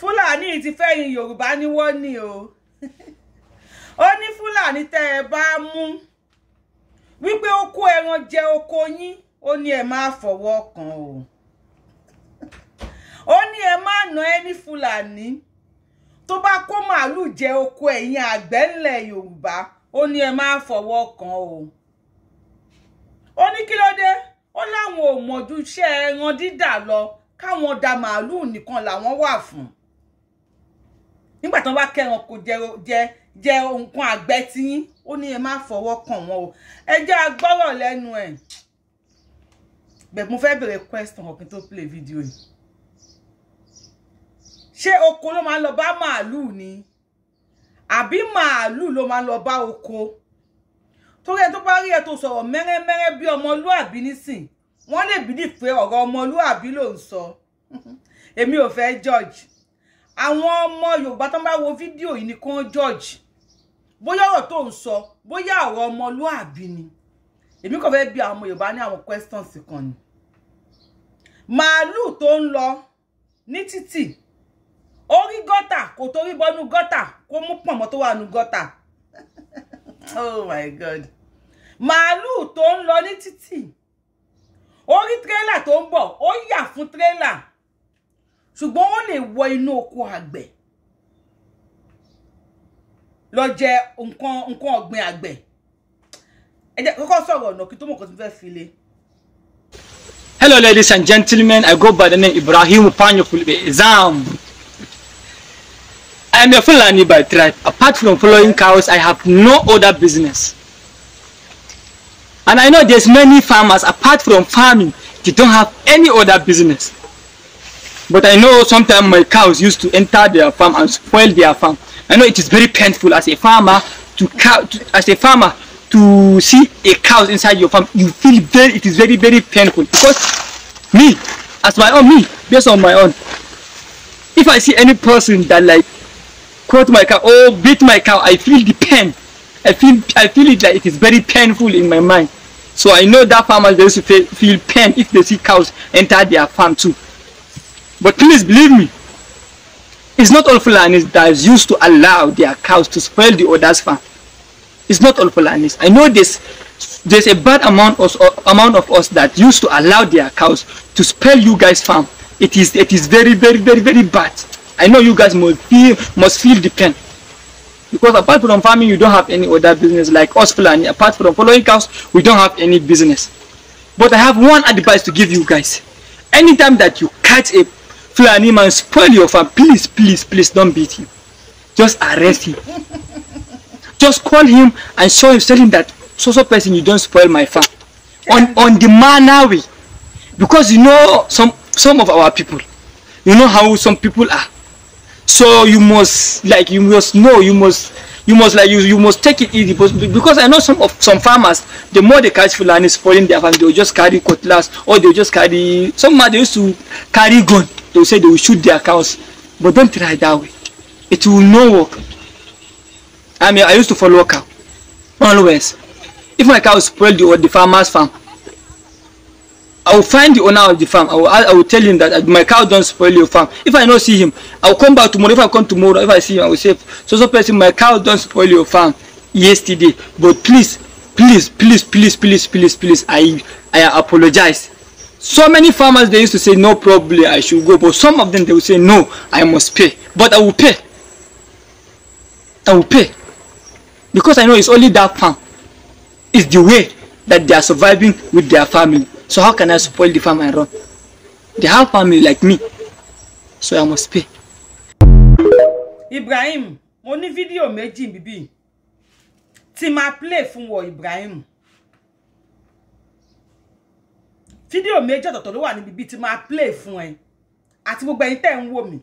fúlàní ti fẹ́yìn yorùbá ni wọ́n ní o ó ní fúlàní tẹ́ ẹ bá mú wípé ó kó ẹran jẹ oko yín ó ní ẹ máa fọwọ́ kàn o ó ní ẹ má nà ẹni fúlàní tó bá kó màálù jẹ oko ẹ̀yin àgbẹ̀ ńlẹ̀ yorùbá ó ní ẹ má fọwọ́ kàn o ó ní kí ló dé ó láwọn ò mọ̀jú iṣẹ́ ẹran dídà lọ káwọn da màálù nìkan làwọn wà fún nígbà tí wọ́n bá kẹ́ran kò jẹ jẹ jẹ nǹkan àgbẹ̀ tí yín ó ní ẹ má fọwọ́ kàn wọ́n o ẹ jẹ́ agbọ́rọ̀ lẹ́nu ẹ̀ bẹ̀ẹ̀ mo fẹ́ bèrè question ọ̀kìn tó play video yìí ṣé oko ló máa ń lọ bá màálùú ni àbí màálùú ló máa ń lọ bá oko torí ẹni tó bá rí ẹ tó sọ̀rọ̀ mẹ́rẹ́mẹ́rẹ́ bí ọmọlúàbí nísìn wọ́n lè bídì pé ọ̀rọ̀ ọmọlúàbí ló ń sọ èmi ò fẹ́ George àwọn ọmọ yorùbá tó ń bá wo fídíò yìí nìkan george bóyá ọ̀rọ̀ tó ń sọ bóyá ọ̀rọ̀ ọmọlúàbí ni èmi kàn fẹ́ bi àwọn ọmọ yorùbá ní àwọn questions kan ni màálù tó ń lọ ní títì ó rí gọ́tà kò tó rí bọ́nú gọ́tà kó mú pọ̀nmọ́ tó wà nú gọ́tà oh my god màálù tó ń lọ ní títì ó rí tírélà tó ń bọ̀ ó yà fún tírélà ṣùgbọ́n ó lè wọ inú oko àgbẹ̀ lọ jẹ nǹkan ọ̀gbìn àgbẹ̀ ẹ kọ́kọ́ sọ̀rọ̀ ọ̀nà kí tó mọ̀ kó tún fẹ́ fi le. Hello, ladies and gentlemen. I go by the name Ibrahim Panyo Zam. I am a Fulani by tribe. Apart from following cows, I have no other business. And I know there's many farmers, apart from farming, they don't have any other business. But I know sometimes my cows used to enter their farm and spoil their farm. I know it is very painful as a farmer to, cow, to as a farmer to see a cow inside your farm. You feel very it is very very painful because me as my own me based on my own. If I see any person that like quote my cow or beat my cow, I feel the pain. I feel I feel it like it is very painful in my mind. So I know that farmers they also feel pain if they see cows enter their farm too. But please believe me, it's not all Fulanis that is used to allow their cows to spoil the other's farm. It's not all Fulanis. I know this. There's a bad amount of, amount of us that used to allow their cows to spell you guys' farm. It is it is very very very very bad. I know you guys must feel must feel the pain. Because apart from farming, you don't have any other business like us Fulani. Apart from following cows, we don't have any business. But I have one advice to give you guys. Anytime that you catch a Fulani and spoil your farm. Please, please, please don't beat him. Just arrest him. Just call him and show him, tell him that so so person you don't spoil my farm. On on the manner way. Because you know some some of our people. You know how some people are. So you must like you must know you must you must like you you must take it easy because I know some of some farmers the more they catch Fulani spoiling their farm they'll just carry cutlass or they'll just carry some they used to carry gun They will say they will shoot their cows. But don't try that way. It will not work. I mean, I used to follow cow. Always. If my cow spoiled the, the farmer's farm, I will find the owner of the farm. I will, I will tell him that uh, my cow don't spoil your farm. If I no see him, I will come back tomorrow. If I come tomorrow, if I see him, I will say, so so person, my cow don't spoil your farm yesterday. But please, please, please, please, please, please, please, I, I apologize so many farmers they used to say no problem i should go but some of them they will say no i must pay but i will pay i will pay because i know it's only that farm it's the way that they are surviving with their family so how can i spoil the farm and run they have family like me so i must pay. ibrahim mo video fídíò méjì bíbí tí máa play fún ibrahim. fídíò méjì ọ̀tọ̀ọ̀tọ̀ ló wà níbi bíi ti máa play fún ẹ àti gbogbo ẹ̀yin tẹ́ ń wò mí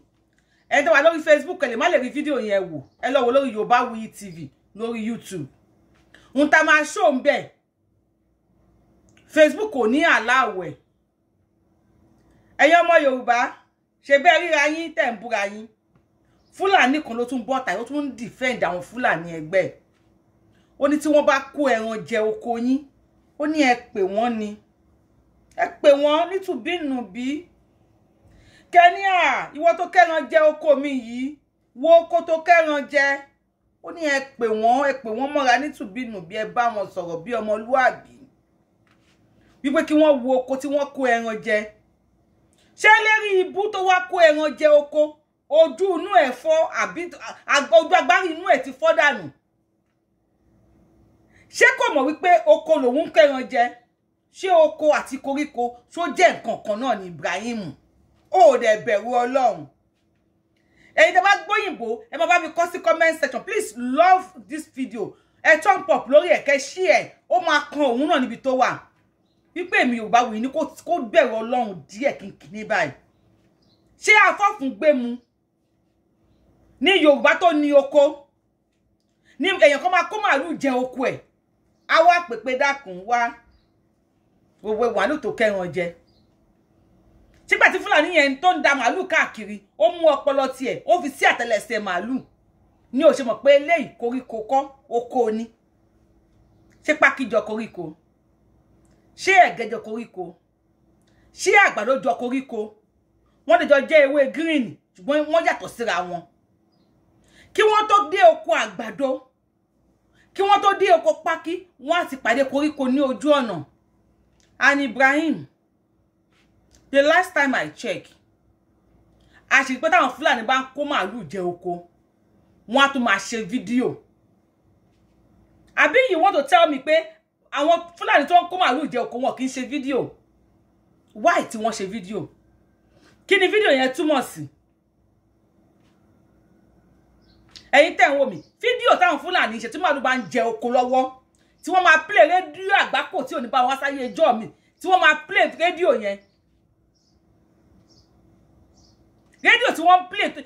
ẹ tẹ́ lórí Facebook ẹ lè má lè rí fídíò yẹn wò ẹ lọ wò lórí Yorùbáwùyí TV lórí YouTube ń ta máa ṣó ń bẹ̀ Facebook kò ní àláwẹ̀ ẹ̀yin ọmọ Yorùbá ṣe bẹ́ẹ̀ ríra yín tẹ̀ ń búra yín Fúlàní kan ló tún bọ́ta ó tún ń defend àwọn Fúlàní ẹgbẹ́ ó ní tí wọ́n bá kó ẹran jẹ oko yín ó ní ẹ pè wọ́n ni ẹ pè wọ́n nítùbínùbí kẹ́níà ìwọ tó kẹ́ran jẹ oko mi yìí wo oko tó kẹ́ran jẹ ó ní ẹ pè wọ́n ẹ pè wọ́n mọ́ra nítùbínùbí ẹ bá wọn sọ̀rọ̀ bí ọmọlúàbí wípé kí wọ́n wo oko tí wọ́n kó ẹran jẹ ṣé lérí ibú tó wá kó ẹran jẹ oko ojú inú ẹ̀ fọ́ àbí ojú agbárí inú ẹ̀ ti fọ́ dànù ṣé kò mọ̀ wípé oko lòun kẹ́ran jẹ ṣé oko àti koríko tó jẹ́ nǹkan kan náà ni Ibrahim ó dẹ̀ bẹ̀rù Ọlọ́run ẹ̀yin tẹ́ bá gbóyìnbó ẹ máa bá mi kọ sí comment section please love this video ẹ turn pop lórí ẹ̀kẹ́ ṣí ẹ̀ ó máa kan òun náà níbi tó wà wípé èmi Yorùbá wù ní kó bẹ̀rù Ọlọ́run díẹ̀ kínkínní báyìí ṣé afọ́fun gbé mu ní Yorùbá tó ní oko ní èèyàn kan máa kó màálù jẹ oko ẹ̀ á wá pèpè wá wèwe wàálù tó kẹran jẹ sígbà tí fúlàní yẹn tó ń da màálù káàkiri ó mú ọpọlọ tiẹ̀ ó fi sí àtẹ́lẹsẹ̀ màálù ní ó ṣe mọ̀ pé eléyìí koríko kọ́ oko ni ṣé pákíjọ koríko ṣé ẹ̀gẹ́jọ koríko ṣé àgbàdo koríko wọ́n lè jọ jẹ́ ewé green ṣùgbọ́n wọ́n yàtọ̀ síra wọn kí wọ́n tó dé oko àgbàdo kí wọ́n tó dé oko pákí wọ́n á sì pàdé koríko ní ojú ọ̀nà and Ibrahim the last time I check àṣìṣe pé táwọn Fúlàní bá ń kó màálùú jẹ oko wọn á tún máa ṣe fídíò àbí you want to tell me pé àwọn Fúlàní tó ń kó màálùú jẹ oko wọn kì í ṣe fídíò why tí wọ́n ṣe fídíò kí ni fídíò yẹn túmọ̀ sí ẹ̀yin tẹ̀ ń wò mí fídíò táwọn Fúlàní ṣe tí màálùú bá ń jẹ oko lọ́wọ́ tí wọ́n máa play radio àgbákò tí ò ní bá wá sáyé ẹjọ́ mi tí wọ́n máa play rédíò yẹn rédíò tí wọ́n play tó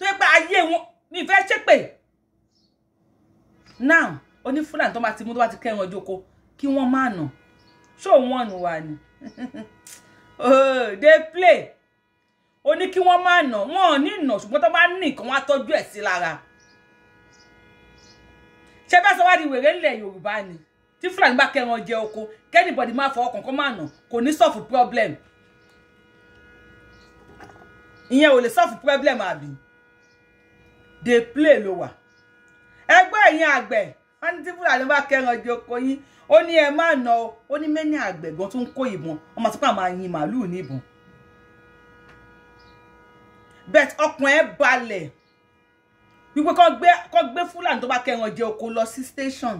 yẹ pé ayé wọn ní ìfẹ́ ṣépè now oní fúlàní to bá ti mú tó bá ti kẹ́rin ọjọ́ ko kí wọ́n má Show one wọ́n nù wá they play oní kí wọ́n má nà wọ́n ò ní nà ṣùgbọ́n tó bá ní nǹkan wọ́n á tọ́jú ẹ̀ ṣé bẹ́ẹ̀ sọ wá di wèrè ńlẹ̀ yorùbá ni tí fúlàní bá kẹran jẹ oko kẹ́nìbọ̀dì máa fọ ọkàn kan máa nà kò ní sọ̀fù problem ìyẹn ò lè sọ̀fù problem àbí dey play ló wà ẹgbẹ́ ìyẹn àgbẹ̀ wọ́n ní tí fúlàní bá kẹran jẹ oko yín ó ní ẹ máa nà ó ó ní mẹ́ni àgbẹ̀ gan tó ń kó ìbọn ọmọ sípà máa yin màálù ní ìbọn bẹ́ẹ̀ ọkàn balẹ̀ wípé kọ́ gbé kọ́ gbé fúlàní tó bá kẹran jẹ oko lọ sí station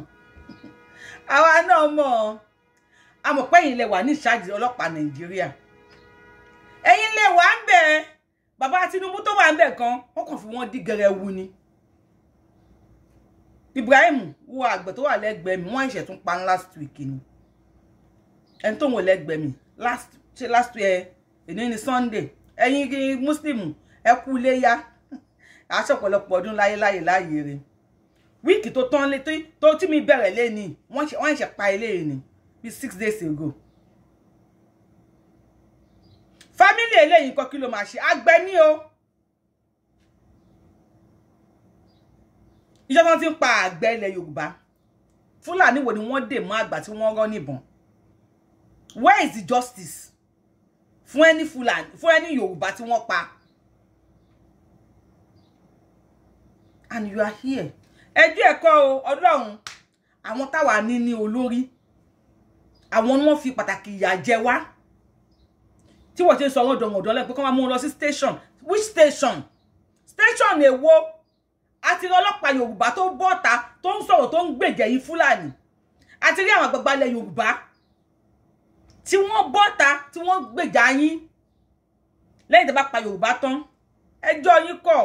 àwa náà mọ̀ amọ̀pẹ́yìn lẹ wà ní ìṣáàjì ọlọ́pàá nàìjíríà ẹ̀yin lẹ wà ń bẹ̀ bàbá Tinubu tó wà ń bẹ̀ kan wọ́n kàn fi wọ́n dí gẹrẹwu ni Ibrahim wo àgbẹ̀ tó wà lẹ́gbẹ̀ẹ́ mi wọ́n ẹ̀ṣẹ̀ tún pa last week ni ẹni tó ń wò lẹ́gbẹ̀ẹ́ mi last ṣe last year èdè ni Sunday ẹ̀yin Muslim ẹ kú léyà aṣọ ọ̀pọ̀lọpọ̀ ọdún láyé láyé láyé rẹ̀ wíìkì tó tán lé tó tí mi bẹ̀rẹ̀ lé ní wọ́n ṣe pa ilé yìí ní bí six days ago fámílì eléyìí kan kí ló máa ṣe àgbẹ̀ ní o ìjọba ti ń pa àgbẹ̀ ilẹ̀ yorùbá fúlàní wo ni wọ́n dè mọ́ àgbà tí wọ́n rán níbọn where is the justice fún ẹni fúlàní fún ẹni yorùbá tí wọ́n pa and you are here ẹjọ́ ẹ̀kọ́ o ọlọ́run àwọn táwa ní ní olórí Olori. ni wọ́n fi pàtàkì ìyà jẹ wá tí wọ́n ti ń sọ àwọn ọ̀dọ̀mọ̀dọ̀ lẹ́gbẹ́ kí wọ́n máa mú un lọ sí station which station station èwo àti Ati yorùbá tó bọ́ta tó ń sọ̀rọ̀ tó ń gbèjẹ̀ yìí fúlàní àti rí àwọn àgbàgbà ilẹ̀ yorùbá tí Ti bọ́ta tí wọ́n gbèjà yín lẹ́yìn tí wọ́n bá pa yorùbá tán ẹjọ́ yín kọ̀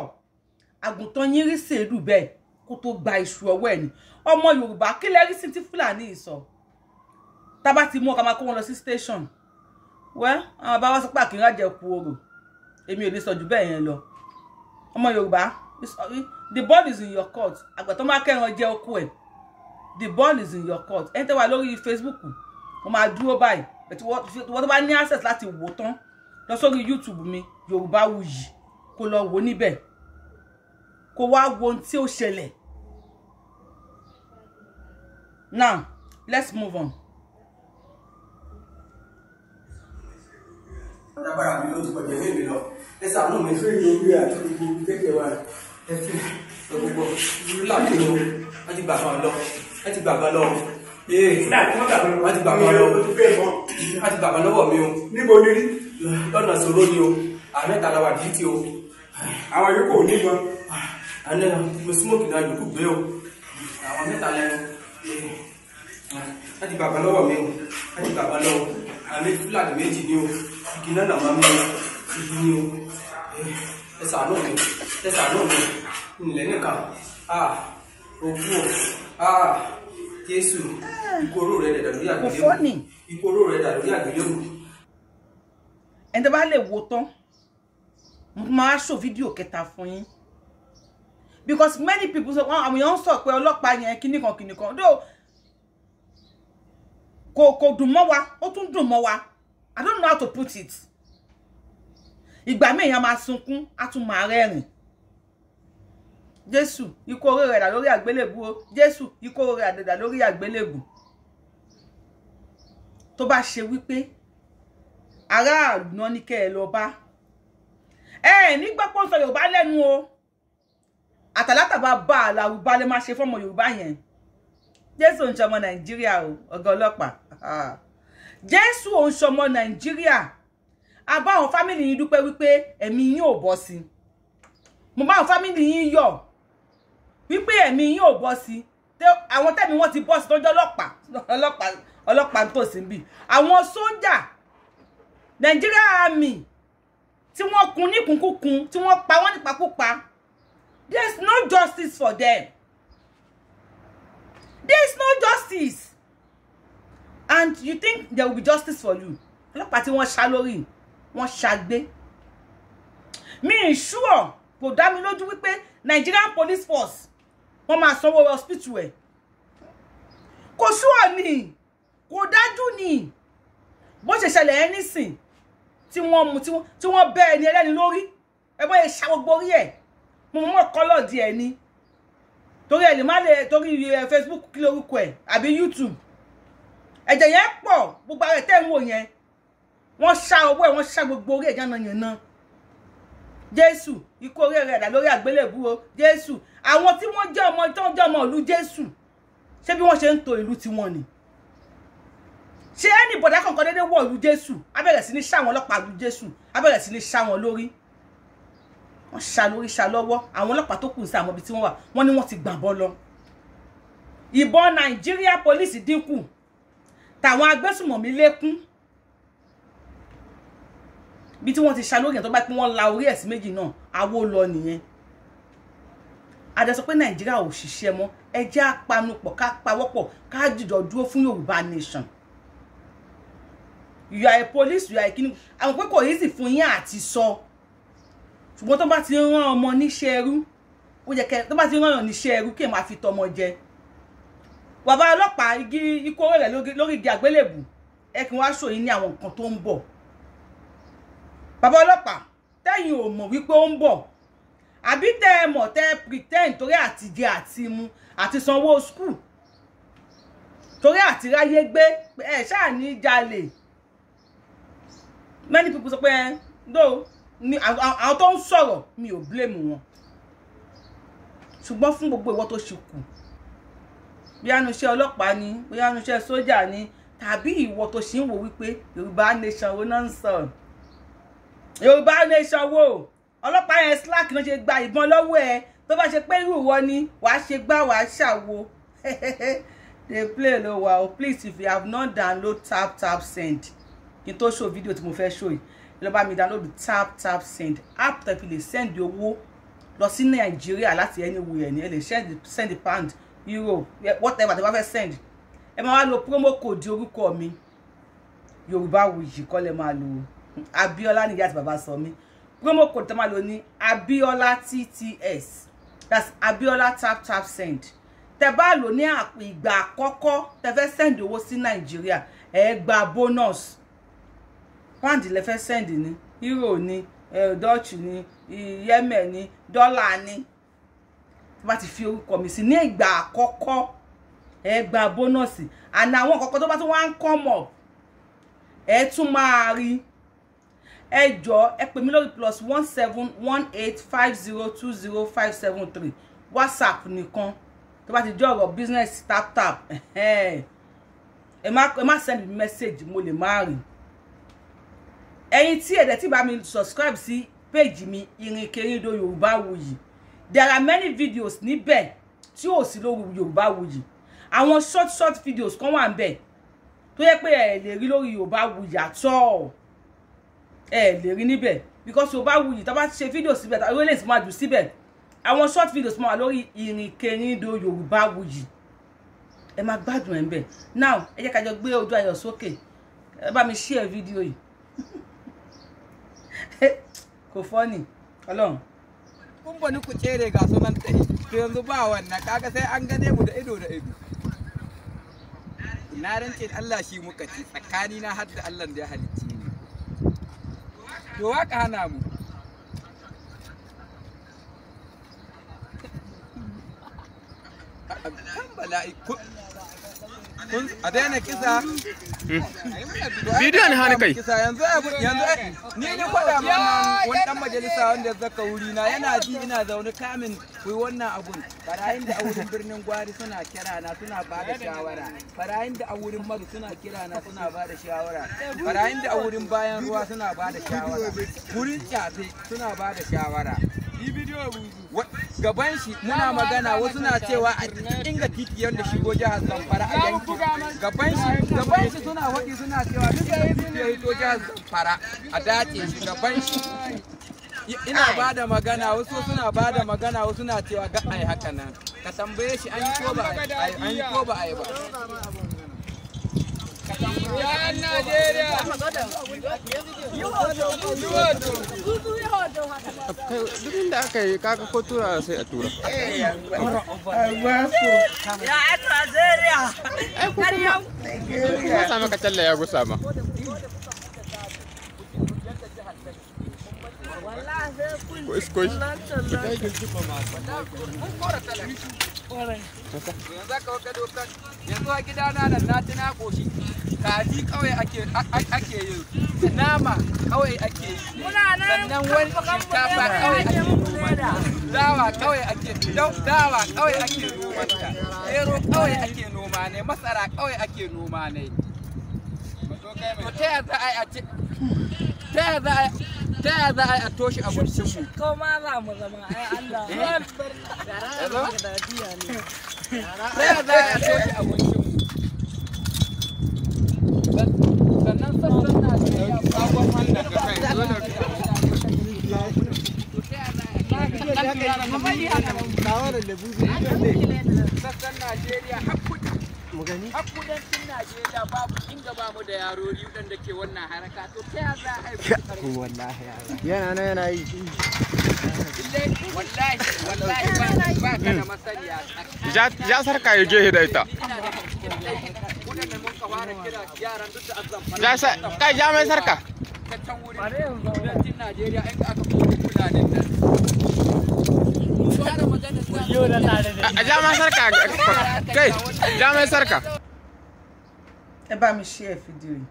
àgùntàn yín rí sèlú bẹ́ẹ̀ kó tó gba iṣu ọwọ́ ẹ̀ ni ọmọ yorùbá kí lẹ́rí sí ti fúlàní ìsọ tá ti mú ọkà máa kó wọn lọ sí station wẹ́ àwọn bá wá sọ pé àkìrìn àjẹkù orò èmi ò lè sọ jù bẹ́ẹ̀ yẹn lọ ọmọ yorùbá uh, the ball is in your court àgbàtàn máa kẹ́ran jẹ́ oko ẹ̀ the ball is in your court ẹni tẹ́ wà lórí facebook wọ́n máa dúró báyìí ẹ̀tí wọ́n tó bá ní access láti wò tán lọ sórí youtube mi yorùbá wuyì kó lọ wò níbẹ̀ kó wá wo ohun tí ó now let's move on. dábàrà mi ló ti pẹ̀jẹ̀ ní ìlú lọ ẹ sàánú mi fún ìlú orí àti gbogbo ibi tẹ́kẹ̀ wa ẹ fi gbogbo ìlú láti lọ wọ́n ti gbàgbọ́ lọ wọ́n ti gbàgbọ́ lọ wọ́n ti gbàgbọ́ lọ wọ́n ti gbàgbọ́ lọ́wọ́ mi o. níbo ni rí. lọ́nà sọ̀rọ̀ ni o àmẹ́ta la wà dìtì o. àwọn yòókù ò gan ẹni mo smoke náà yòókù gbé o àwọn mẹ́ta lẹ́nu láti bàbá lọ́wọ́ mi o láti bàbá lọ́wọ́ àmì fúlàní méjì ni o igi náà làwọn mi igi ni o ẹ ṣàánú mi ẹ ṣàánú mi ńlẹ̀ nìkan ah òkú o ah jésù ìkorò rẹ̀ dàdà lórí àgbélébù ìkorò rẹ̀ dàdà lórí àgbélébù. ẹni tó bá lè wo tán mo máa ṣò fídíò kẹta fún yín because many people say, àwọn èèyàn ń sọ pé ọlọ́pàá yẹn kinní kan kinní kan though kò kò dùn mọ́ wa ó tún dùn mọ́ wa i don't know how to put it ìgbà míì èèyàn máa sunkún á tún máa rẹ́rìn jésù ikú oró rẹ̀ dà lórí àgbélébù o jésù ikú oró rẹ̀ dà lórí àgbélébù tó bá ṣe wípé aráàlú náà ní kẹ́ ẹ lọ bá ẹ nígbà pọ́ńsọ yorùbá lẹ́nu o àtàlátàbà bá àlàrúbá lè má ṣe fọmọ yorùbá yẹn jésù ń ṣọmọ nàìjíríà o ọ̀gá ọlọ́pàá jésù ń ṣọmọ nàìjíríà a bá àwọn fámìlì yín dúpẹ́ wípé ẹ̀mí yín ò bọ́ sí mo bá àwọn fámìlì yín yọ̀ wípé ẹ̀mí yín ò bọ́ sí àwọn tẹ̀mí wọn ti bọ́ sí tọ́jú ọlọ́pàá ọlọ́pàá ọlọ́pàá tòsí àwọn sójà nàìjíríà àmì tí wọ́n kun níkùnkùnkùn tí wọ́n pa wọ́n nípakúpa There's no justice for them. There's no justice. And you think there will be justice for you. Ọlọ́pàá tí wọ́n ṣá lórí, wọ́n ṣàgbé. Mi ì ṣúọ̀ kò dá we lójú Nigerian police force wọ́n máa sanwó hospital ẹ̀. Kò ṣúọ̀ ni, kò ni. Bó ṣe ṣẹlẹ̀ ẹ́ nísìn tí ti mú ti wọ́n bẹ́ ẹni ẹlẹ́ni lórí, ẹ bọ́ ẹ ṣá gbogbo orí ẹ̀ mo mọ̀ kọ́lọ̀ díẹ̀ ni torí ẹ lè má lè torí eh, Facebook kí lorúkọ ẹ àbí YouTube ẹ̀jẹ̀ yẹn pọ̀ gbogbo ara ẹ̀ tẹ́ ń wò yẹn wọ́n ṣá owó ẹ̀ wọ́n ṣá gbogbo orí ẹ̀ yánnayànna jésù ikú orí rẹ̀ dà lórí àgbélébú o jésù àwọn tí wọ́n jẹ́ ọmọ tó ń jẹ́ ọmọ ìlú jésù ṣé bí wọ́n ṣe ń to ìlú tiwọn ni ṣé ẹnì bọ̀dá kankan déédéé wọ̀ ìlú jésù á bẹ̀rẹ̀ sí ní ṣá wọn ọlọ́pàá ìlú jésù á sí ní ṣá wọn lórí wọ́n ṣàlórí ṣàlọ́wọ́ àwọn ọlọ́pàá tó kù sí àwọn ibi tí wọ́n wà wọ́n ní wọ́n ti gbàbọ́ lọ. ìbọn nàìjíríà pólísì dínkù tàwọn agbésùmọ̀mí lékún bí tí wọ́n ti ṣàlórí ẹ̀ tó bá pé wọ́n la orí ẹ̀sìn méjì náà awó lọ nìyẹn àdẹ́sọ pé nàìjíríà ò ṣiṣẹ́ mọ́ ẹ jẹ́ apanupọ̀ ká pawọ́pọ̀ ká jìjọ dúró fún yorùbá nation you are a police you are a kini àwọn pé kò yí sì fún yín àti sọ. So ṣùgbọ́n tó bá ti rán ọmọ níṣẹ́ ẹrú ó yẹ kẹ tó bá ti rán ọmọ níṣẹ́ ẹrú kí ẹ máa fi tọmọ jẹ bàbá ọlọ́pàá igi ikú rẹ̀ lórí igi àgbélébù ẹ kí wọ́n á sòyìn ní àwọn nǹkan tó ń bọ̀ bàbá ọlọ́pàá tẹ́yìn ò mọ̀ wípé ó ń bọ̀ àbí tẹ́ ẹ mọ̀ tẹ́ ẹ pretend torí àtijẹ àti mu àti sanwó skul torí àtiráyé gbé ẹ ṣáà ní jalè many people sọ pé ẹ dóò àwọn tó ń sọ̀rọ̀ mi ò blame wọn ṣùgbọ́n fún gbogbo ìwọ tó ṣe kù bóyá nu ọlọ́pàá ni bóyá nu iṣẹ́ sójà ni tàbí ìwọ tó ṣì ń wò wípé yorùbá nation wo náà ń sọ yorùbá nation wo ọlọ́pàá yẹn slack náà ṣe gba ìbọn lọ́wọ́ ẹ tó bá ṣe pé irú ìwọ ni wàá ṣe gbá wàá ṣàwo dey play lo wa o please if you have not download tap tap send kí n tó show video tí mo fẹ́ show yìí ẹ lọ mi download tap tap send app fi le send owó lo sí Nigeria lati anywhere ní ẹ le send send pound euro whatever tẹ́ bá fẹ́ send ẹ máa wá lo promo code orúkọ mi Yorùbáwùyí kọ́ lẹ máa lò Abíọ́lá níyà àti bàbá sọ mí promo code tẹ́ máa lò ní Abíọ́lá tts that's Abiola tap tap send tẹ́ bá lò ní àpò ìgbà àkọ́kọ́ tẹ́ fẹ́ send owó sí Nigeria, ẹ gba bonus pound lẹ fẹ́ send ni euro ni eh, dutch ni yemen ni dọ́là ni tó bá ti fi orúkọ mi sí ní ìgbà àkọ́kọ́ ẹ gba bónọ́ọ̀sì àná àwọn kọ̀ọ̀kan tó bá tún wá ń kọ́ mọ̀ ẹ tún máa rí ẹ jọ̀ọ́ ẹ pè mí lórí plus one seven one eight five zero two zero five seven three whatsapp nìkan tó bá ti jọ ọ̀rọ̀ business tap tap ẹ má send me message mo lè má rí ẹ̀yin tí ẹ̀dẹ̀ tí bá mi subscribe sí page mi Ìrìnkèrindò Yorùbáwùyí there are many videos níbẹ̀ tí ò sí lórí Yorùbáwùyí àwọn short short videos kan wà níbẹ̀ tó yẹ pé ẹ lè rí lórí Yorùbáwùyí àtọ́ ẹ lè rí níbẹ̀ because Yorùbáwùyí tó bá ṣe fídíò síbẹ̀ tó yẹ lè sì máa jù síbẹ̀ àwọn short videos máa wà lórí Ìrìnkèrindò Yorùbáwùyí ẹ máa gbádùn ẹ̀ ń bẹ̀ now ẹ jẹ́ ká jọ gbé ojú ayọ̀ sókè ẹ bá mi share fídíò yìí. ko funny alon kun bani ku cere ga sunan to yanzu ba wannan kaga sai an gane mu da ido da ido na rance Allah shi muka ci tsakani na har da Allah da ya halicci ni to waka hana mu kan bala'i a daina kisa bidiyo ne hannu kai yanzu ni ne faɗa mana wani dan majalisa wanda ya zaka wuri na yana ji ina zaune kamin kuyi wannan abun barayin da a wurin birnin gwari suna kira na suna ba da shawara barayin da a wurin maru suna kira na suna ba da shawara barayin da a wurin bayan ruwa suna ba da shawara wurin kyafe suna ba da shawara gaban shi muna magana wasu na cewa a inga titi yadda shigo jihar zamfara a yanki gaban shi gaban shi suna waɗi suna cewa duk da titi ya hito jihar zamfara a dace shi gaban shi ina ba da magana wasu suna ba da magana wasu na cewa ga ai haka nan ka tambaye shi an yi ko ba an yi ko ba ai ba Najeriya! Yi wato! Yi wato! duk inda aka yi kaka ko tura sai a tura ya ai kuma talla ya gusa ma ko iskoi yanzu aka waka dokan yanzu a gidana da na tuna koshi kaji kawai ake yi nama kawai ake yi sannan wani shinkafa kawai ake yi, dawa kawai ake dawa kawai ake nomanta gero kawai ake noma ne masara kawai ake noma ne to ta yaya a yi a ce ta yaya a ta yaya za a yi a toshe abincin mu ko ma za mu zama ai Allah eh? za a yi a toshe abincin mu sannan sassan na da ya sabon kai Najeriya har mu gani a kudancin najeriya babu inda ba mu da yaro riɗan da ke wannan haraka to ta ya za a haifu wallahi yana nan yana yi wallahi wallahi ba ka da masaniya ja sarka ya gehe da ita kai ja mai sarka ta can wurin kudancin najeriya in aka kori kudaden ajá máa sárkà kẹ́ ajá máa sárkà. ẹ bá mi ṣe ẹ fídíò yìí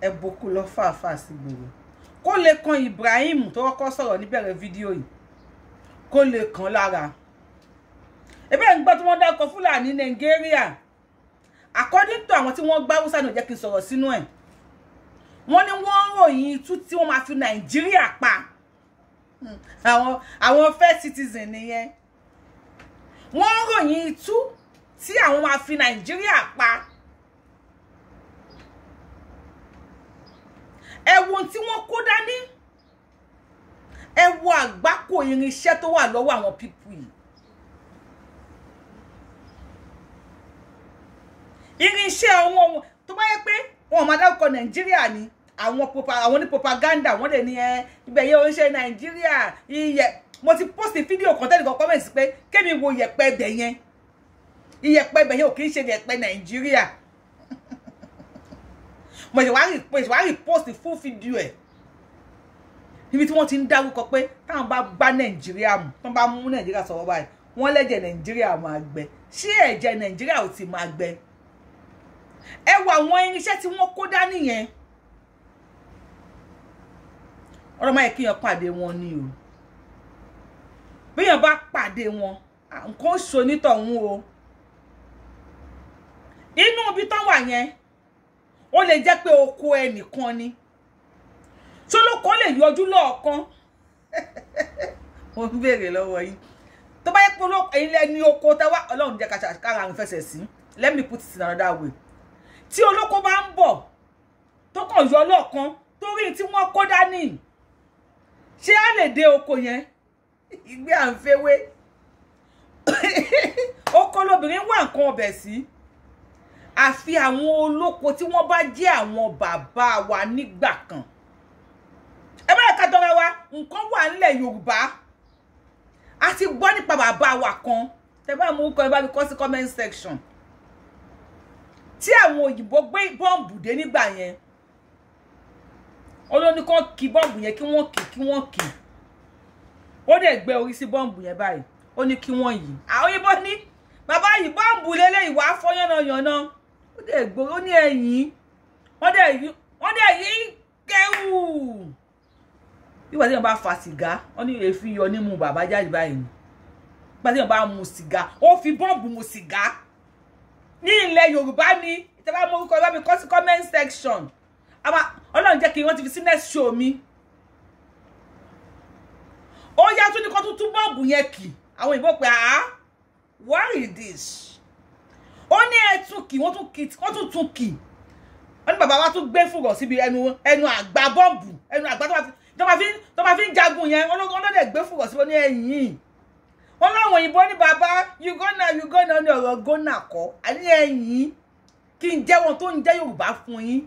ẹ boko lọ fàáfàá sí gbòòrò kó lè kan Ibrahim tó kọ́kọ́ ni níbẹ̀rẹ̀ fídíò yìí kó lè kan lára ebe ń gbọ́ tí wọ́n dákọ̀ Fúlàní Nàìjíríà according to àwọn tí wọ́n gbá Hausa náà jẹ́ kí n sọ̀rọ̀ sínú ẹ̀ wọ́n ní wọ́n ń ròyìn itú tí fi Nàìjíríà pa àwọn àwọn first citizen nìyẹn wọ́n ń ròyìn itú tí àwọn máa fi nàìjíríà pa ẹ wo tí wọ́n kó dání ẹ wo àgbákò irinṣẹ́ tó wà lọ́wọ́ àwọn pípù yìí irinṣẹ́ ọwọ́ wọn tó bá yẹ pé wọn máa dárúkọ nàìjíríà ni àwọn àwọn ní propaganda wọ́n lè ní ẹ eh, ibẹ̀ yẹ oníṣẹ́ nàìjíríà iyẹ mo ti post fídíò kan tẹ́lẹ̀ kan comment pé kémi wo iyẹ̀pẹ̀ ibẹ̀ yẹn iyẹ̀pẹ̀ ibẹ̀ yẹn ò kì í ṣe iyẹ̀pẹ̀ nàìjíríà mo ṣe wá rí post post fún fídíò ẹ̀ níbi tí wọ́n ti ń dárúkọ pé táwọn bá bá nàìjíríà mu tó bá mú nàìjíríà sọ̀rọ̀ báyìí wọ́n lẹ́jẹ̀ nàìjíríà máa gbẹ ṣé ẹ̀jẹ̀ nàìjíríà ò ti máa gbẹ ẹ wo àwọn irinṣẹ́ tí wọ́n kó dání yẹn ọlọ́mọ yẹ kéèyàn pàdé wọn ni o béèyàn bá pàdé wọn nǹkan so nítọ̀hún o inú ibi tán wà yẹn ó lè jẹ́ pé oko ẹnìkan ni tólókò lè yọjú lọ́ọ̀kan mo ń béèrè lọ́wọ́ yìí tó bá yẹ pé ilé ní oko tẹ́wá ọlọ́run jẹ́ kára àrùn fẹsẹ̀ sí let me put it in another way tí olóko bá ń bọ̀ tó kàn yọ lọ́ọ̀kan torí tí wọ́n kó dání ṣé a lè dé oko yẹn ìgbé à ń fẹ́wé oko lobìnrin wà nǹkan ọbẹ̀ sí àfi àwọn olóko tí wọ́n bá jẹ́ àwọn bàbá wa nígbà kan ẹ bá ẹ̀ka tọ́ra wa nǹkan wà nílẹ̀ Yorùbá a ti gbọ́ nípa bàbá wa kan tẹ bá mú kọ́ ẹ bá mi kọ́ sí comment section tí àwọn òyìnbó gbé bọ́ǹbù dé nígbà yẹn ó ló ní kó kí bọ́ǹbù yẹn kí wọ́n kì kí wọ́n kì ó dẹ̀ gbé orí sí bọ́ǹbù yẹn báyìí ó ní kí wọ́n yìí àwọn òyìnbó ní bàbá yìí bọ́ǹbù lélẹ́yìí wàá fọ́ yánnayànna ó dẹ̀ gbó ó ní ẹ̀yìn wọ́n dẹ̀ yí wọ́n dẹ̀ yí kéwù nígbà tí wọ́n bá fa sìgá wọ́n ní èéfín yọ nímú bàbá jáde báyìí nígbà tí bá mu sìgá ó fi bọ́ǹbù mu sìgá ní ilẹ̀ Yorùbá ni ìtẹ́wá mú orúkọ lọ́bì kọ́ sí comment section àmà ọlọ́run jẹ́ kí wọ́n ti fi sí next show mi ó yá tún ní kó tún tún bọ́ọ̀bù yẹn kì àwọn ìbò pé ah what is this ó ní ẹtún kì wọ́n tún kì wọ́n tún tún kì wọ́n ní bàbá wa tún gbé fùrọ̀ síbi ẹnu ẹnu àgbà bọ́ọ̀bù ẹnu àgbà tó máa fi tó máa fi ń jagun yẹn ọlọ́dẹ̀ gbé fùrọ̀ síbi ní ẹ̀yìn wọ́n láwọn òyìnbó ní bàbá you go now you go now ní ọ̀rọ̀ gona kọ́ àní ẹ̀yìn kí n jẹ́ wọn tó ń jẹ́ Yorùbá fún yín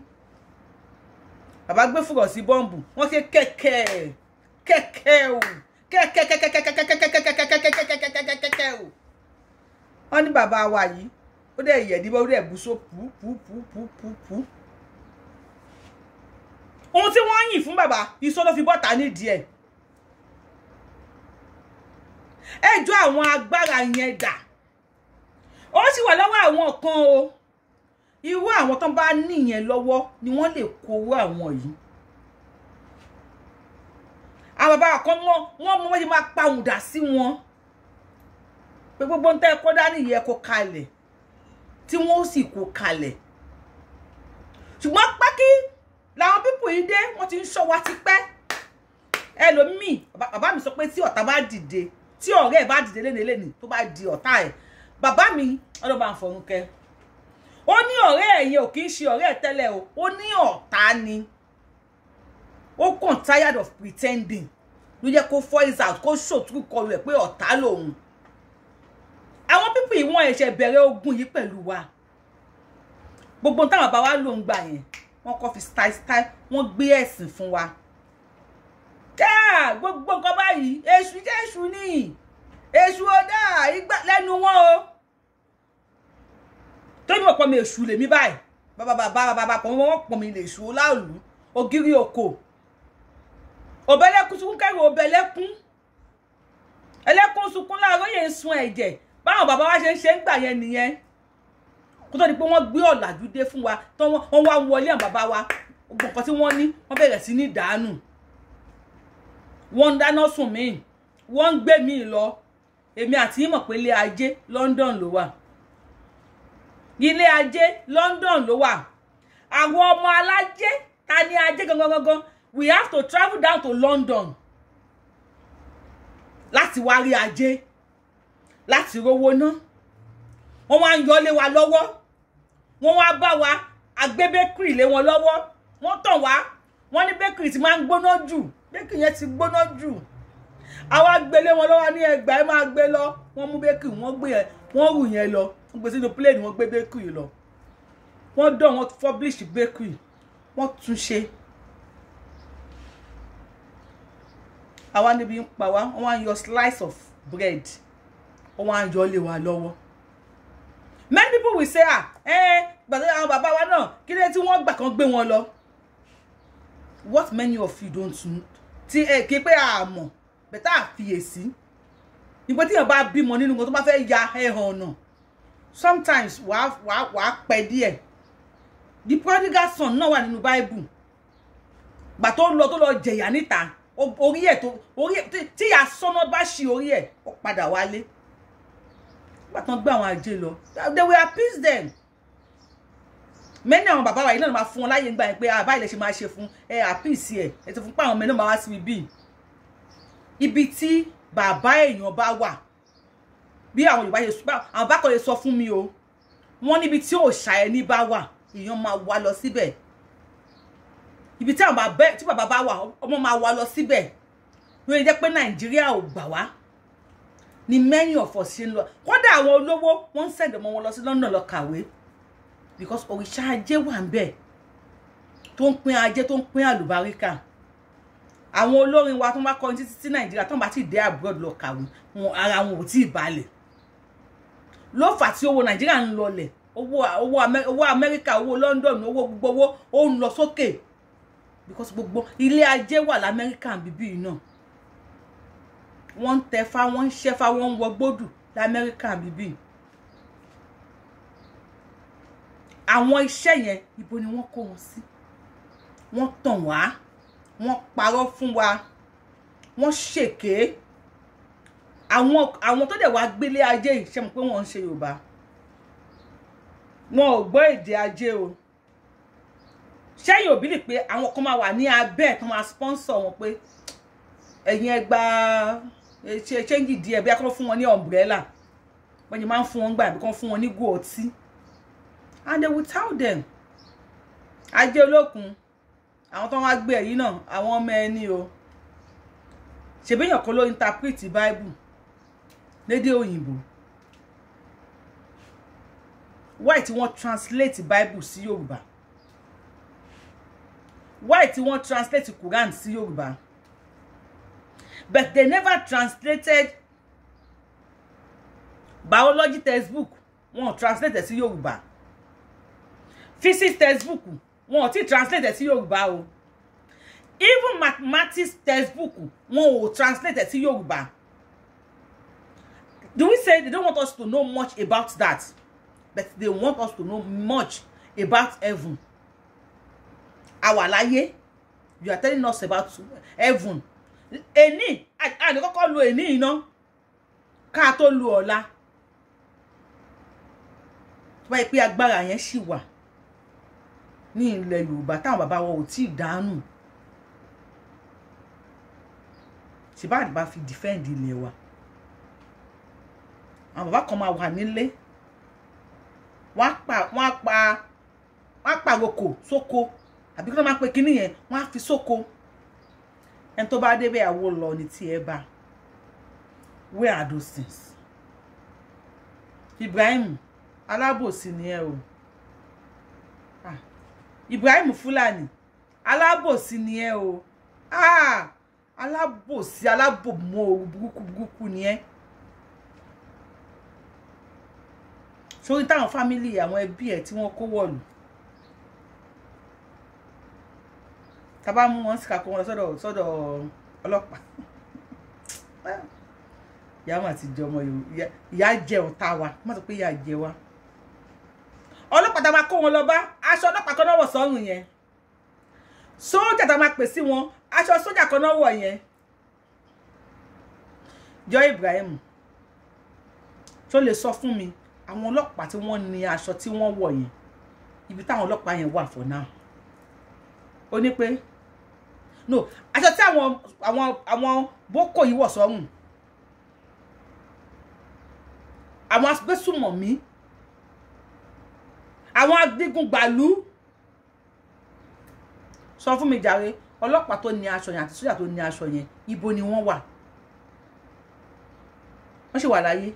bàbá gbé fúrọ̀ sí bọ́ǹbù wọ́n ṣe kẹ̀kẹ́ kẹ̀kẹ́ o kẹ̀kẹ́ kẹ̀kẹ́ o wọ́n ní bàbá wa yìí ó dẹ̀ yẹ̀dí bọ́ ó dẹ̀ bú so pùpùpùpùpù ohun tí wọ́n yìn fún bàbá iṣó ló fi bọ́ta nídìí ẹ̀ ẹjọ́ àwọn agbára yẹn dà ó sì wà lọ́wọ́ àwọn kan o irú àwọn tó bá níyẹn lọ́wọ́ ni wọ́n lè kó owó àwọn yìí àwọn bàbá kan wọ́n wọ́n mọ wọ́n ti máa pa òǹdà sí wọn pé gbogbo ń tẹ́ kó dání yẹ kó kalẹ̀ tí wọ́n ó sì kó kalẹ̀ ṣùgbọ́n pákí làwọn pípù yìí dé wọ́n ti ń ṣọ́ wa tipẹ́ ẹlòmíì bàbá mi sọ pé tí ọ̀tá bá dìde tí ọ̀rẹ́ bá dìde lénìí lénìí tó bá di ọ̀tá ẹ̀ bàbá mi ọlọ́ba àfọ̀rúnkẹ́ ó ní ọ̀rẹ́ ẹ̀yin ò kì í ṣe ọ̀rẹ́ tẹ́lẹ̀ o ó ní ọ̀tá ni ó kàn tired of pretending ló yẹ kó voice out kó ṣòtúrú kọlu ẹ̀ pé ọ̀tá lòun àwọn pípì yìí wọ́n ẹ̀ṣẹ̀ bẹ̀rẹ̀ ogun yìí pẹ̀lú wa gbogbo táwọn bàbá wa ló ń gbà yẹn wọ́n kọ́ fi style style wọ́n gbé ẹ̀sìn fún wa káà gbogbo nǹkan báyìí èṣù jẹ́ èṣù ni èṣù ọ̀dà lẹ́nu wọn o ọ̀pọ̀ mi èṣù lèmi báyìí bàbá bàbá bàbá pọ̀ wọ́n pọ̀ mi lè ṣù ó láòlù ògiri òkò òbẹ̀lẹ́kún sunkún kẹ́rù òbẹ̀lẹ́kún ẹlẹ́kún sunkún láàárọ̀ yẹn sun ẹ̀jẹ̀ báwọn bàbá wa ṣe ń ṣe ń gbà yẹn nìyẹn kó tó di pé wọ́n gbé ọ̀làjú dé fún wa tó wọ́n wá wọlé àwọn bàbá wa gbogbo nǹkan tí wọ́n ní wọ́n bẹ̀rẹ̀ sí ní dànù wọ́n ń dáná sùn míì wọ́n ń gbé míì lọ èmi àti yín mọ̀ pé ilé ajé London ló wà ilé ajé London ló wà àwọn ọmọ alájé ta ni ajé gangan we have to travel down to London láti wá rí ajé láti rówó ná wọ́n wá ń yọlé wa lọ́wọ́ wọ́n wá bá wa agbébékìrì lé wọn lọ́wọ́ wọ́n tàn wá wọ́n ní békìrì ti máa ń gbóná jù békìrì yẹn ti gbóná jù àwa gbélé wọn lọ́wọ́ ní ẹgbàá ẹ máa gbé lọ wọ́n mú békìrì wọ́n gbé yẹn wọ́n rù yẹn lọ wọ́n gbé sínú plane wọ́n gbé bakery lọ wọ́n dán wọ́n publish bakery wọ́n tún ṣe àwa níbi ń pa wá wọ́n yọ slice of bread wọ́n á yọ lé wa lọ́wọ́ many people will say ah eh gbàdúrà àwọn bàbá wa náà kí ló dé tí wọ́n gbà kan gbé wọn lọ what many of you don't know ti ẹ eh, kí pé àmọ́ bẹ̀tà àfiyèsí ìgbẹ́ tí yàn bá bímọ nínú nǹkan tó bá fẹ́ ya ẹ̀hàn náà sometimes wàá wàá wàá pẹ́ díẹ̀ the prodigal son náà wà nínú bible gbà tó lọ tó lọ jẹ̀yà níta orí ẹ̀ tó orí ẹ̀ tí ìyá sọ́nà bá ṣì orí ẹ̀ ó padà wálé gbà tán gbé àwọn àjẹ́ lọ they will appease them mẹ́ni àwọn bàbá wa yìí náà máa fún wọn láyé gbà yẹn pé àbá ah, ilẹ̀ ṣe máa ṣe fún ẹ àpíìsì ẹ ẹ ti fún pa àwọn mẹ́ni náà máa wá síbi ibi tí bàbá èèyàn bá wà bí àwọn Yorùbá ṣe àwọn bákan lè sọ fún mi o wọ́n níbi tí òòṣà ẹni bá wà èèyàn máa wá lọ síbẹ̀ ibi tí àwọn bàbá tí bàbá bá wà ọmọ máa wá lọ síbẹ̀ lóye jẹ́ pé Nàìjíríà ò gbà wá ni many of us ṣe ń lọ kódà àwọn olówó wọ́n ń sẹ̀dọ̀ mọ́ wọn lọ sí London lọ kàwé because òrìṣà ajé wà ń bẹ̀ tó ń pín ajé tó ń pín àlùbáríkà àwọn olórin wa tó ń bá kọrin títí sí Nàìjíríà tó ń bá ti dé abroad lọ kàwé ara wọn ò tí ì balẹ̀ ló fà tí owó nàìjíríà ń lọlẹ̀ owó amẹ́ríkà owó london owó gbogbo owó ó ń lọ sókè because gbogbo ilé ajé wà lamẹ́ríkà bíbí náà wọ́n ń tẹ̀fá wọ́n ń ṣẹ́fá wọ́n ń wọ gbódù lamẹ́ríkà bíbí àwọn iṣẹ́ yẹn ibo ni wọ́n kó wọn sí wọ́n tàn wá wọ́n parọ́ fún wa wọ́n ṣèké àwọn àwọn tó dẹ̀ wá gbélé ajé yìí ṣe mọ̀ pé wọ́n ń ṣe Yorùbá wọn ò gbọ́ èdè ajé o ṣẹ́yìn òbí lè pé àwọn kan máa wà ní abẹ́ kan máa sponsor wọn pé ẹ̀yin ẹ gba ṣe ṣéǹgì díẹ̀ bí akọ́ fún wọn ní umbrella wọ́n yìí máa ń fún wọn gbà bí kan fún wọn ní go ọtí and they will tell them ajé olókun àwọn tó wá gbé ẹ̀yìn náà àwọn ọmọ ẹni o ṣèbéyàn kan ló interpret bible lédè òyìnbó why tí wọ́n translate bible sí yorùbá why tí wọ́n translate quran sí yorùbá but they never translated biology textbook wọn translate sí yorùbá physics textbook wọn ti translate sí yorùbá o even mathematics textbook wọn ò translate sí yorùbá do we say they don't want us to know much about that but they want us to know much about heaven Our láyé you are telling us about heaven eni I kọ́kọ́ lo eni iná ká tó lu ọ̀la tó bá yẹ pé agbára yẹn ṣì wà ní ilẹ̀ Yorùbá táwọn bàbá wọn ò tí ì fi defend ilẹ̀ wa àwọn bàbá kan máa wà nílé wọ́n pa wọ́n pa wọ́n á pàrokò sóko àbí kí wọ́n máa pe kinní yẹn wọ́n á fi sóko ẹni tó bá débẹ̀ àwo lọ ní tí ẹ bá where are those things Ibrahim alábòsí ni ẹ o ah, Ibrahim Fúlàní alábòsí ni ẹ o ah, alábòsí alábòmọ burúkú burúkú ni ẹ. Ah, sórí táwọn fámìlì àwọn ẹbí ẹ̀ tí wọ́n kó wọ̀lú tàbá mú wọn sì kàkó wọn sọ́dọ̀ sọ́dọ̀ ọlọ́pàá ìyá mà ti jẹ ọmọ yorùbá ìyá jẹ ọ̀tá wa má sọ pé ìyá jẹ wa ọlọ́pàá tá a máa kó wọn lọ bá aṣọ ọlọ́pàá kan náà wọ̀ sọ́rùn yẹn sójà tá a máa pè sí wọn aṣọ sójà kan náà wọ̀ yẹn Joy Ibrahim tó lè sọ fún mi àwọn ọlọ́pàá tí wọ́n ní aṣọ tí wọ́n wọ̀ yẹn ibi táwọn ọlọ́pàá yẹn wà for now ó ní pé no aṣọ tí àwọn àwọn àwọn boko yìí wọ̀ sọ́hùn àwọn agbésùmọ̀mí àwọn adigungbàlú sọ fún mi jàre ọlọ́pàá tó ní aṣọ yẹn àti sójà tó ní aṣọ yẹn ibo ni wọ́n wà wọ́n sì wà láyé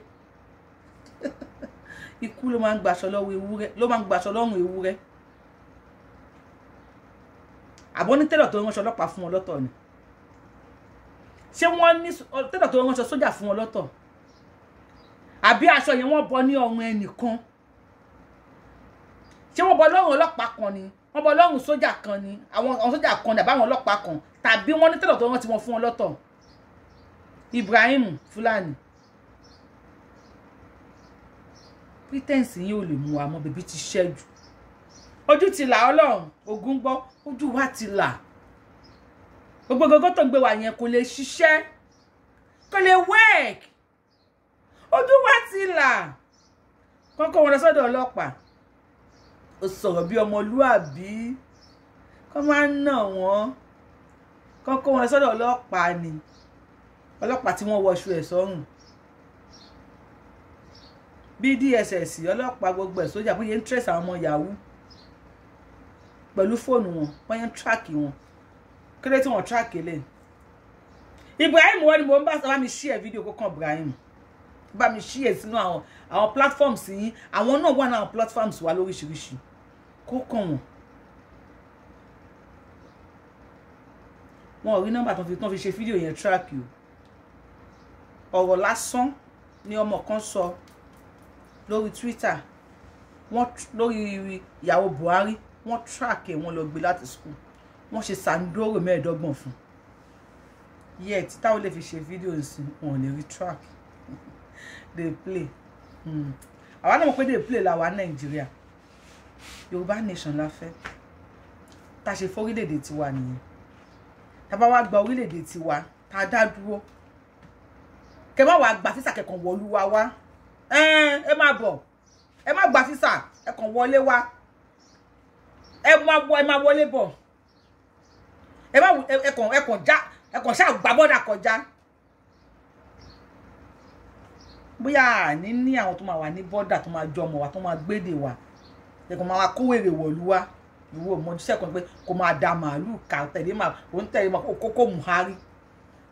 ikú ló máa ń gbaṣọ lọ́wọ́ ewúrẹ́ ló máa ń gbaṣọ lọ́rùn ewúrẹ́ àbọ̀ ní tẹ́lọ̀ tó ránṣọ ọlọ́pàá fún wọn lọ́tọ̀ ni ṣé wọ́n ní tẹ́lọ̀ tó ránṣọ sójà fún wọn lọ́tọ̀ àbí aṣọ yẹn wọ́n bọ ní ọrùn ẹnìkan ṣé wọ́n bọ lọ́rùn ọlọ́pàá kan ni wọ́n bọ lọ́rùn sójà kan ni àwọn sójà kan ni àbáwọn ọlọ́pàá kan tàbí wọ́n ní tẹ́lọ̀ tó ránṣọ wọn fún wọn lọ́tọ̀ Ibrahim Fúlàní pretense yín ò lè mú wa mọ́ bèbí ti ṣẹ́jú ojú ti là ọlọ́run ogun gbọ́ ojú wa ti là gbogbo gbogbo tó ń gbé wa yẹn kò lè ṣiṣẹ́ kò lè work ojú wa ti là kọ́kọ́ wọn lọ sọ́dọ̀ ọlọ́pàá ó sọ̀rọ̀ bí ọmọlúàbí kọ́ máa ń nà wọ́n kọ́kọ́ wọn lọ sọ́dọ̀ ọlọ́pàá ni ọlọ́pàá tí wọ́n wọṣu ẹ̀ sọ́rùn bí DSS ọlọ́pàá gbogbo ẹ̀ sójà bóyá ń trace àwọn ọmọ yahoo pẹ̀lú fóònù wọn bóyá ń track wọn kéré tí wọ́n track eléyìí Ibrahim wọn ni mo ń bá bá mi share video kó kàn Ibrahim bá mi share sínú àwọn àwọn platforms yìí àwọn náà wà ní àwọn platforms wa lóríṣiríṣi kó kàn wọ́n wọn ò rí nọ́mbà tó fi tán fi ṣe fídíò yẹn track o ọ̀rọ̀ lásán ni ọmọ kan sọ. So lórí Twitter wọ́n lórí ìyàwó Buhari wọ́n track ẹ̀ wọ́n lọ gbé láti school wọ́n ṣe sandoro mẹ́ẹ̀ẹ́dọ́gbọ̀n fún yẹ tí táwọn lè fi ṣe fídíò sí wọn ò lè rí track dey play hmm. àwa náà mọ̀ pé dey play làwa Nàìjíríà Yorùbá nation la fẹ́ tá a ṣe fórílẹ̀-èdè tiwa nìyẹn tá a bá wá gba orílẹ̀-èdè tiwa tá a dá dúró kẹ má wàá gba sísà kẹkàn wọlúwa wá ẹ máa bọ̀ ẹ má gba físà ẹ kàn wọlé wá ẹ má wọ ẹ má wọlé bọ̀ ẹ má ẹ kàn ẹ kàn já ẹ kàn ṣáà gbà bọ́dà kọjá bóyá àní ní àwọn tó máa wà ní bọ́dà tó máa jọmọ̀ wá tó máa gbédè wá ẹ kàn máa kó èrè wọ̀lú wá ìwọ mọjú sẹ́kùn pé kò máa da màálù kà tẹ̀lé màá òun tẹ̀lé màá kókó Muhari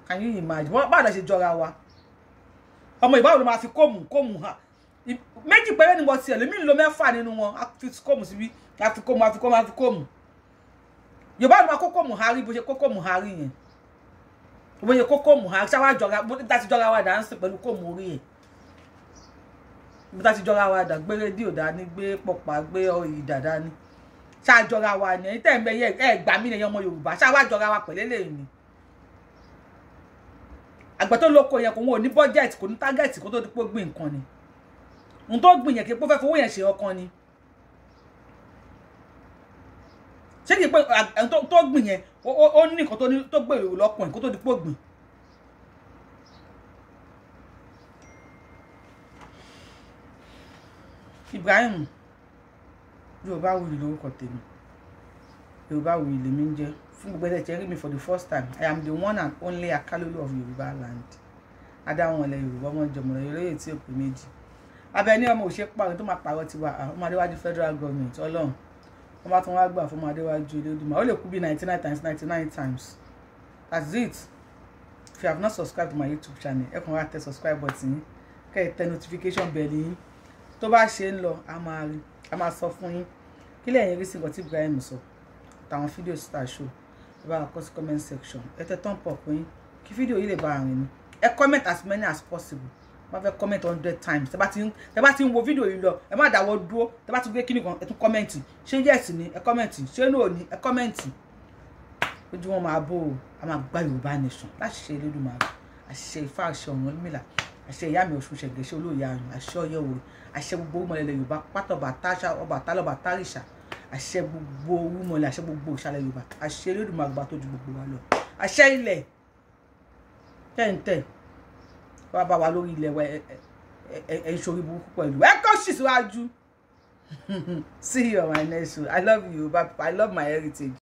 can you imagine báwo la ṣe jọra wa ọmọ ìbáwò ló máa fi kóòmù kóòmù hàn méjì péré ni mo ti ẹ̀ lómi ń lo mẹ́fà nínú wọn a fi kóòmù síbi a fi kóòmù a fi kóòmù a fi kóòmù yorùbá ló máa kó kóòmù harí bó ṣe kó kóòmù harí yẹn bó ṣe kó kóòmù harí ṣáwá jọra bó ta ti jọra wa dà ń sìn pẹ̀lú kóòmù orí yẹn bó ta ti jọra wa dà gbé rédíò dání gbé pọ̀pá gbé ìdà dání ṣáà jọra wa ni ẹ̀yin tẹ̀ ń bẹ yẹ ẹ̀ gbà ni ẹ̀yin ọmọ yorùbá ṣáà jọra wa pẹ̀lẹ́lẹ́yìn ni àgbà tó lóko yẹn kò wọn ò ní budget kò ní target kó tó dípò gbìn nǹkan ni ohun tó gbìn yẹn kí pé fẹ́ fowó yẹn ṣe ọkàn ni ṣé kí pé tó gbìn yẹn ó ní nǹkan tó gbèrò lọ́kùnrin kó tó dípò gbìn. Ibrahim Yorùbá wuyì lórúkọ tèmi Yorùbá wuyì lèmi ń jẹ́ fún jẹ́rí mi for the first time I am the one and only Akalolu of Yoruba land adáwọn ilẹ̀ Yorùbá wọn jọmọ̀rọ̀ olóyè tí òpè méjì abẹni ọmọ òṣè pààrọ̀ tó máa pààrọ̀ tiwa ọmọ adéwájú federal government ọlọ́run wọn bá tún wá gbà fún ọmọ adéwájú olódùmá ó lè kú bí ninety nine times ninety nine times that's it if you have not subscribed to my youtube channel ẹ kàn wá tẹ subscribe button yín kẹ́ ẹ tẹ notification bell yín tó bá ṣe ń lọ a máa rí a máa sọ fún yín kí lẹ́yìn rí sí nǹkan tí Ibrahim sọ táwọn fídíò star show ẹ bá comment section ẹ tẹ tán pọ̀ pín kí fídíò yìí lè bá àrùn comment as many as possible má fẹ́ comment hundred times tẹ bá ti ń tẹ bá ti ń wo fídíò yìí lọ ẹ má dáwọ́ dúró tẹ bá ti gbé kíni kan ẹ tún comment ṣé yes ni ẹ comment ṣé no ni ẹ comment ojú wọn máa bó o a máa gba Yorùbá nation láti ṣe Elédùmarè àṣẹ Ifá àṣẹ Ọ̀rúnmìlà àṣẹ ìyá mi Ọ̀ṣun Ṣẹ̀ngẹ̀ṣẹ̀ olóòyà àrùn àṣẹ Ọ̀yọ́ Òwòrì àṣẹ gbogbo ọmọ ilẹ̀ Yorùbá pátọ̀ Ọbàtálá Ọbàtálá Ọbàtálá ìṣà àṣẹ gbogbo wúmọ̀lẹ̀ àṣẹ gbogbo ìṣàlẹ̀ yorùbá àṣẹ elédùnmọ̀ àgbà tó ju gbogbo wa lọ àṣẹ ilẹ̀ tẹ̀ǹtẹ̀ wàá bá wa lórí ilẹ̀ wa ẹ̀ ń ṣorí burúkú pẹ̀lú ẹ̀ kọ́ síwájú see you on my next show i love you i love my heritage.